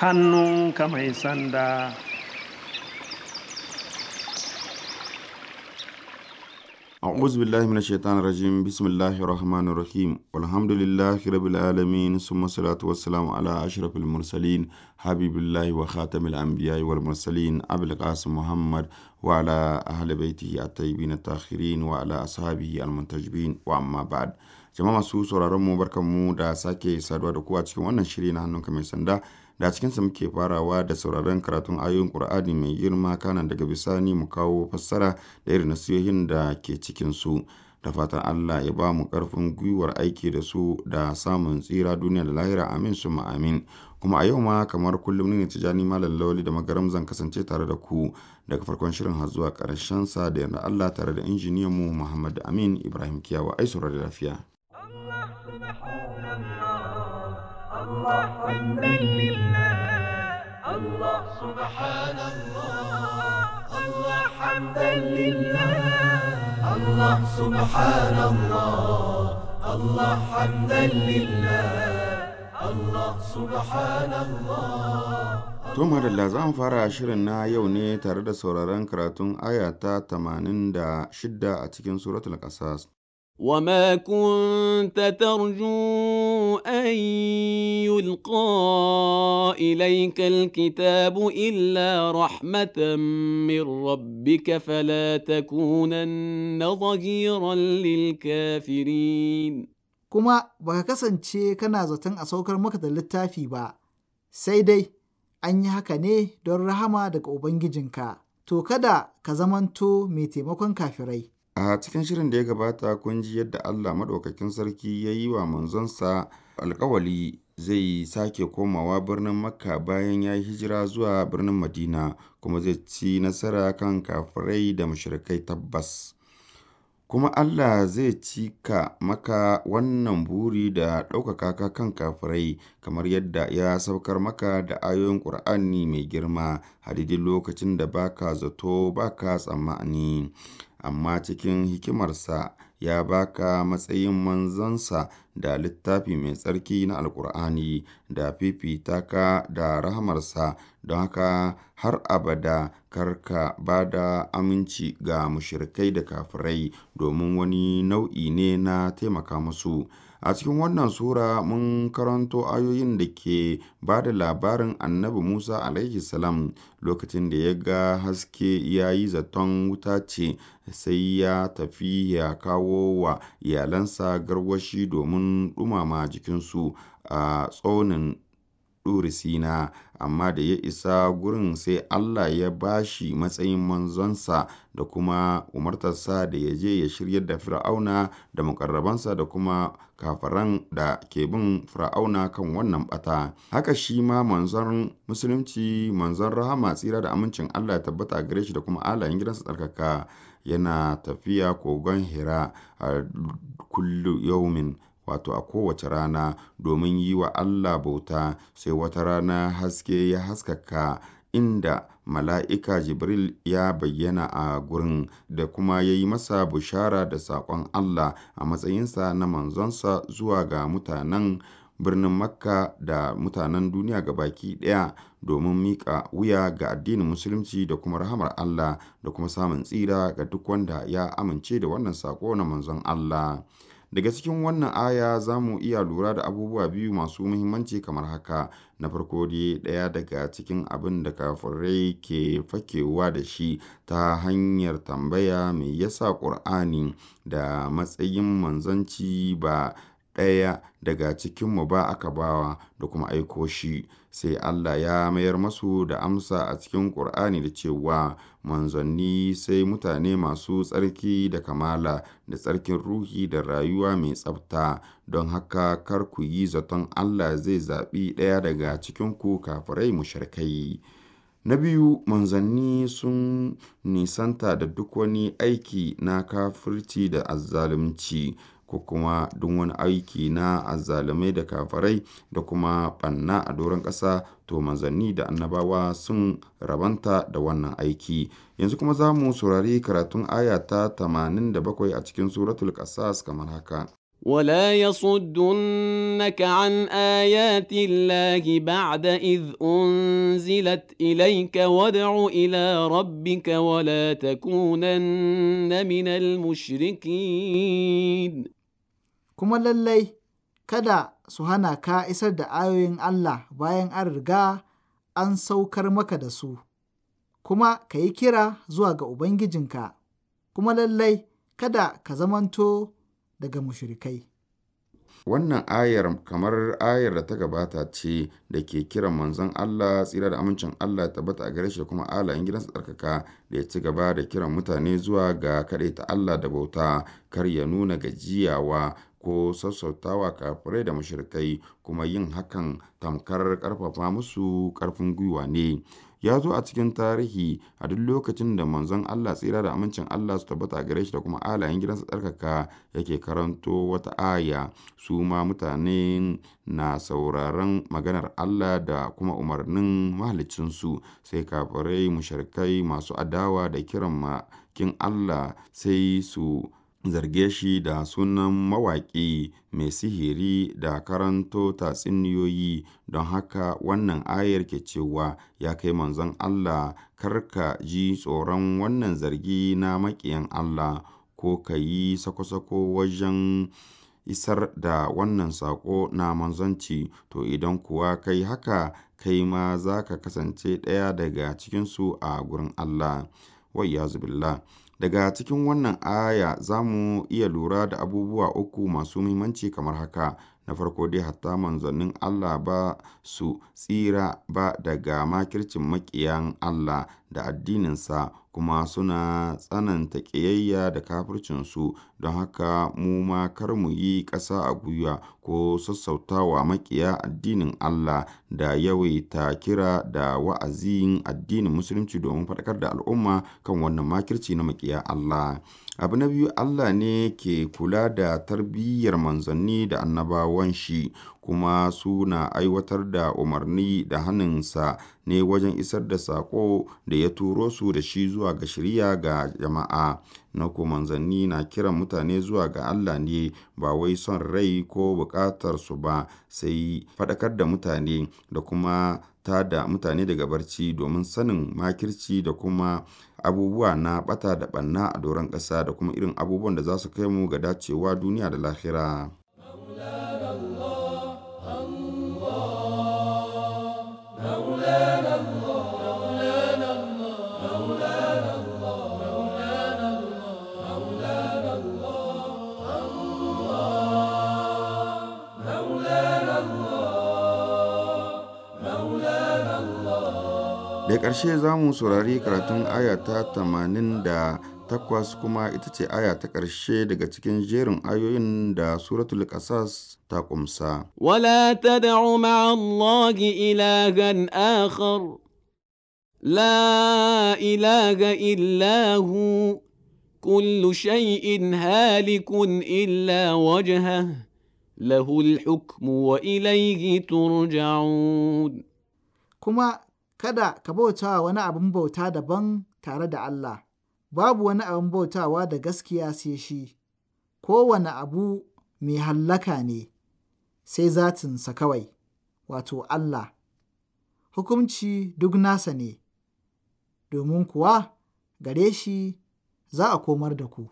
hannunka mai sanda أعوذ بالله من الشيطان الرجيم بسم الله الرحمن الرحيم والحمد لله رب العالمين ثم الصلاة والسلام على أشرف المرسلين حبيب الله وخاتم الأنبياء والمرسلين أبي القاسم محمد وعلى أهل بيته الطيبين الطاهرين وعلى أصحابه المنتجبين وأما بعد jama'a masu sauraron mu barkan mu da sake saduwa da ku a cikin wannan shiri na hannunka mai sanda da cikinsa muke farawa da sauraron karatun ayoyin ƙur'ani mai girma kana daga bisani mu kawo fassara da irin nasihohin da ke cikinsu da fatan Allah ya ba mu karfin gwiwar aiki da su da samun tsira duniya da lahira amin su amin kuma a yau ma kamar kullum ne tijani malam lawali da magaram zan kasance tare da ku daga farkon shirin har zuwa karshen sa da yanda Allah tare da injiniyan mu Muhammad Amin Ibrahim Kiyawa ai saurari lafiya Allah الله حمدا لله الله سبحان الله الله حمدا لله الله سبحان الله الله حمدا لله الله سبحان الله Tun hadalla za mu fara shirin na yau ne tare da sauraron karatun aya ta 86 a cikin suratul ƙasas. وما كنت ترجو ان يلقى اليك الكتاب الا رحمه من ربك فلا تكونن ظهيرا للكافرين kuma baka kasance kana zaton a saukar maka da littafi ba sai dai an yi haka ne don rahama daga ubangijinka to kada ka zamanto mai taimakon kafirai A cikin shirin da ya gabata kun ji yadda Allah Maɗaukakin Sarki ya yi wa manzonsa alkawali zai sake komawa birnin Makka bayan ya yi hijira zuwa birnin Madina kuma zai ci nasara kan kafirai da mushrikai tabbas. Kuma Allah zai cika maka wannan buri da ɗaukaka ka kan kafirai kamar yadda ya saukar maka da ayoyin Ƙur'ani mai girma hadidi lokacin da baka zato baka tsammani. amma cikin hikimarsa ya ba ka matsayin manzansa da littafi mai tsarki na alkur'ani da fifita ka da rahamarsa, don haka har abada kar ka ba da aminci ga mushirikai da kafirai, domin wani nau'i ne na taimaka musu. A cikin wannan sura mun karanto ayoyin da ke ba da labarin annabi Musa alaihi salam lokacin da ya ga haske ya yi zaton wuta ce sai ya tafi ya kawo wa iyalansa garwashi domin jikin jikinsu a tsaunin Ɗuri Sina, amma da ya isa gurin sai Allah ya ba shi matsayin manzonsa da kuma umartarsa da ya je ya shirya da Fir'auna da mukarrabansa da kuma kafaran da ke bin Fir'auna kan wannan bata Haka shi ma manzon Musulunci, manzon rahama tsira da amincin Allah ya tabbata gare shi da kuma alayen gidansa tsarkaka, yana tafiya kogon Hira a kullu yaumin. wato a kowace rana domin yi wa Allah bauta sai wata rana haske ya haskaka inda mala'ika Jibril ya bayyana a gurin da kuma ya yi masa bushara da saƙon Allah a matsayinsa na manzonsa zuwa ga mutanen birnin Makka da mutanen duniya ga baki ɗaya domin miƙa wuya ga addinin musulunci da kuma rahamar Allah da kuma samun tsira ga duk wanda ya amince da wannan saƙo na manzon Allah. Daga cikin wannan aya za mu iya lura da abubuwa biyu masu muhimmanci kamar haka, na farko dai daya daga cikin abin da kafirai ke fakewa da shi ta hanyar tambaya mai yasa Ƙur'ani da matsayin manzanci ba ɗaya daga cikinmu ba aka bawa da kuma aiko shi, sai Allah ya mayar masu da amsa a cikin Ƙur'ani da cewa, manzanni sai mutane masu tsarki da kamala da tsarkin ruhi da rayuwa mai tsabta, don haka kar ku yi zaton Allah zai zaɓi ɗaya daga cikinku kafirai mushrikai. Na biyu, manzanni sun nisanta da duk wani aiki na kafirci da azzalunci ko kuma duk wani aiki na azzalumai da kafarai da kuma ɓanna a doron ƙasa to manzanni da annabawa sun rabanta da wannan aiki yanzu kuma za mu saurari karatun aya ta 87 a cikin suratul ƙasas kamar haka ولا يصدنك عن آيات الله بعد إذ أنزلت إليك وادع إلى ربك ولا تكونن من المشركين kuma lallai kada su hana ka isar da ayoyin Allah bayan an riga an saukar maka da su, kuma ka yi kira zuwa ga Ubangijinka, kuma lallai kada ka zamanto daga mushrikai. Wannan ayar kamar ayar da ta gabata ce da ke kiran manzon Allah tsira da amincin Allah tabbata a gare shi kuma allah in gidansa tsarkaka da ya ci gaba da kiran mutane zuwa ga kaɗaita Allah da bauta kar ya nuna gajiyawa ko sassautawa kafirai da mashirkai kuma yin hakan tamkar karfafa musu karfin gwiwa ne ya zo a cikin tarihi a duk lokacin da manzon Allah tsira da amincin Allah su tabbata gare shi da kuma alayen gidansa tsarkaka yake karanto wata aya su ma mutane na sauraron maganar Allah da kuma umarnin mahalicinsu sai kafirai mushrikai masu adawa da kiran makin Allah sai su zarge shi da sunan mawaƙi mai sihiri da karanto tatsuniyoyi, don haka wannan ayar ke cewa, “Ya kai Manzon Allah, kar ka ji tsoron wannan zargi na maƙiyan Allah, ko ka yi sako-sako wajen isar da wannan saƙo na manzanci, to idan kuwa kai haka, kai ma za ka kasance ɗaya daga cikinsu a gurin Allah.” wai ya billah. Daga cikin wannan aya za mu iya lura da abubuwa uku masu muhimmanci kamar haka. na farko dai hatta manzannin Allah ba su tsira ba daga makircin maƙiyan Allah da addininsa kuma suna tsananta ƙiyayya da kafircinsu don haka mu ma kar mu yi ƙasa a gwiwa ko sassautawa maƙiya addinin Allah da yawaita kira da wa'azin addinin musulunci domin faɗakar da al'umma kan wannan makirci na maƙiya Allah. Abu na biyu Allah ne ke kula da tarbiyyar manzanni da annabawan shi, kuma su na aiwatar da umarni da hannunsa ne wajen isar da sako da ya turo su da shi zuwa ga shiriya ga jama'a. Na ku manzanni na kiran mutane zuwa ga Allah ne ba wai son rai ko bukatar su ba, sai faɗakar da mutane da kuma ta da mutane daga barci domin sanin makirci da kuma abubuwa na bata da banna a doron kasa da kuma irin abubuwan da za su kai mu ga dacewa duniya da lahira. ƙarshe za mu saurari karatun aya ta tamanin da takwas kuma ita ce aya ta ƙarshe daga cikin jerin ayoyin da suratul ƙasas ta ƙumsa. Wala ta da'u ma'allahi ilagan akhar, la ilaga illahu, kullu shay'in halikun illa wajha, lahul hukmu wa ilayhi turja'un. Kuma Kada ka bautawa wani abin bauta daban tare da Allah, babu wani abin bautawa da gaskiya sai shi, kowane abu mai hallaka ne, sai zatinsa kawai, wato Allah, hukumci duk nasa ne, domin kuwa gare shi za a komar da ku.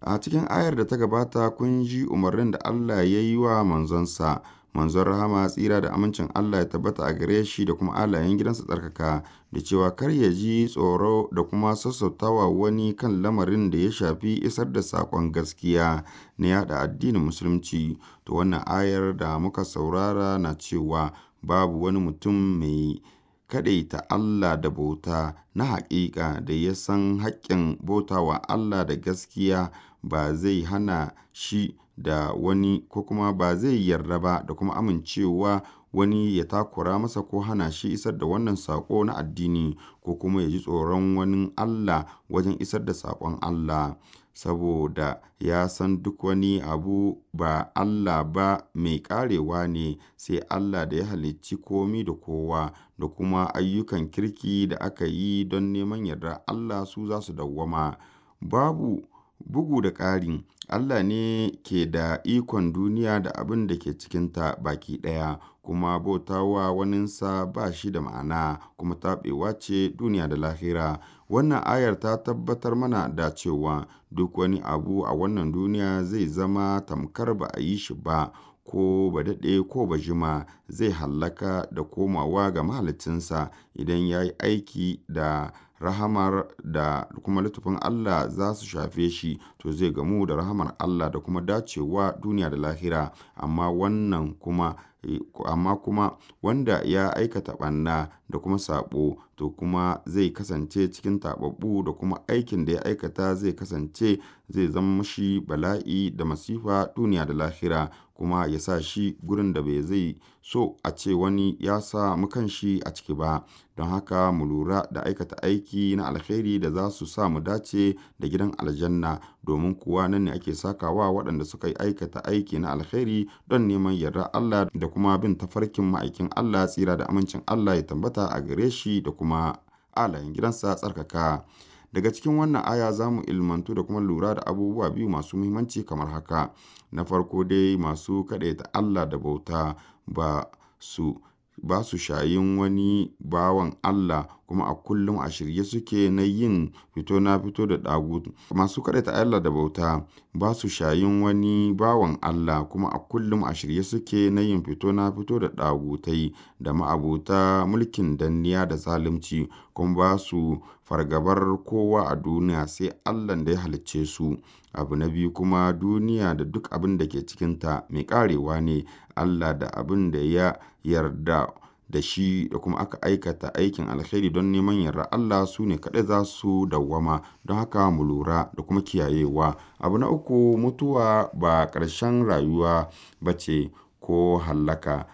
A cikin ayar da ta gabata kun ji umarnin da Allah ya yi wa manzonsa. manzon rahama tsira da amincin Allah ya tabbata a gare shi da kuma alayen gidansa tsarkaka da cewa kar ya ji tsoro da kuma sassautawa wani kan lamarin da ya shafi isar da saƙon gaskiya na yada addinin musulunci to wannan ayar da muka saurara na cewa babu wani mutum mai kaɗaita Allah da bauta na haƙiƙa da ya san haƙƙin bautawa Allah da gaskiya ba zai hana shi da wani ko kuma ba zai yarda ba da kuma amincewa wani ya takura masa ko hana shi isar da wannan saƙo na addini ko kuma ya ji tsoron wani Allah wajen isar da saƙon Allah, saboda ya san duk wani abu ba Allah ba mai ƙarewa ne sai Allah da ya halicci komi da kowa, da kuma ayyukan kirki da aka yi don neman yarda Allah su za su dawwama. Babu Bugu da ƙari, Allah ne ke da ikon duniya da abin da ke cikinta baki ɗaya, kuma bautawa waninsa ba shi da ma'ana kuma taɓewa ce duniya da lahira. Wannan ayar ta tabbatar mana da cewa duk wani abu a wannan duniya zai zama tamkar ba a yi shi ba, ko ba daɗe ko ba jima, zai hallaka da komawa ga mahalicinsa idan ya yi aiki da rahamar da kuma littafin Allah za su shafe shi to zai gamu da rahamar Allah da kuma dacewa duniya da lahira amma wannan kuma Eh, amma kuma wanda ya aikata ɓanna da kuma saɓo to kuma zai kasance cikin taɓaɓɓu da kuma aikin da ya aikata zai kasance zai zama mashi bala'i da masifa duniya da lahira kuma ya sa shi gurin da bai zai so a ce wani ya sa mukan shi a ciki ba don haka mu lura da aikata aiki na alkhairi da za su sa mu dace da gidan aljanna domin kuwa nan ne ake sakawa waɗanda suka yi aikata aiki na alkhairi don neman yarda Allah da kuma bin tafarkin ma'aikin Allah tsira da amincin Allah ya tambata a gare shi da kuma alayin gidansa tsarkaka. Daga cikin wannan aya za mu ilmantu da kuma lura da abubuwa biyu masu muhimmanci kamar haka. Na farko dai masu kaɗaita Allah da bauta ba su ba su shayin wani bawan Allah kuma a kullum a shirye suke na yin fito na fito da ɗagutu. Masu kaɗaita Allah da bauta ba su shayin wani bawan Allah kuma a kullum a shirye suke na yin fito na fito da ɗagutai da ma'abuta mulkin danniya da zalunci kuma ba su fargabar kowa a duniya sai allah da ya halicce su. Abu na biyu kuma duniya da duk abin da ke cikinta mai ƙarewa ne Allah da abin da ya yarda da shi da kuma aka aikata aikin alkhairi don neman yarda Allah su ne kaɗai za su dawwama don haka mu lura da kuma kiyayewa abu na uku mutuwa ba ƙarshen rayuwa ba ce ko hallaka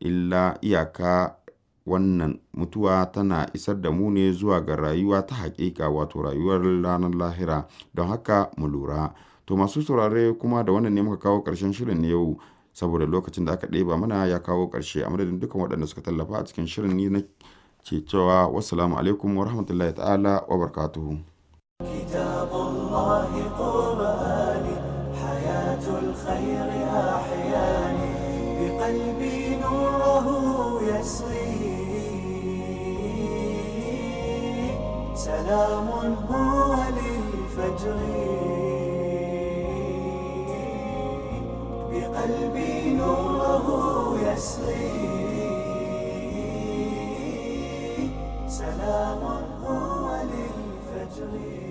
illa iyaka wannan mutuwa tana isar da mu ne zuwa ga rayuwa ta haƙiƙa wato rayuwar ranar lahira don haka mu lura to masu saurare kuma da wannan ne muka kawo ƙarshen shirin yau saboda lokacin da aka ɗeba mana ya kawo ƙarshe a madadin dukkan waɗanda suka tallafa a cikin shirin ni na ke cewa alaikum wa rahmatullahi ta'ala wa barakatuhu قلبي نوره يسري سلام هو للفجر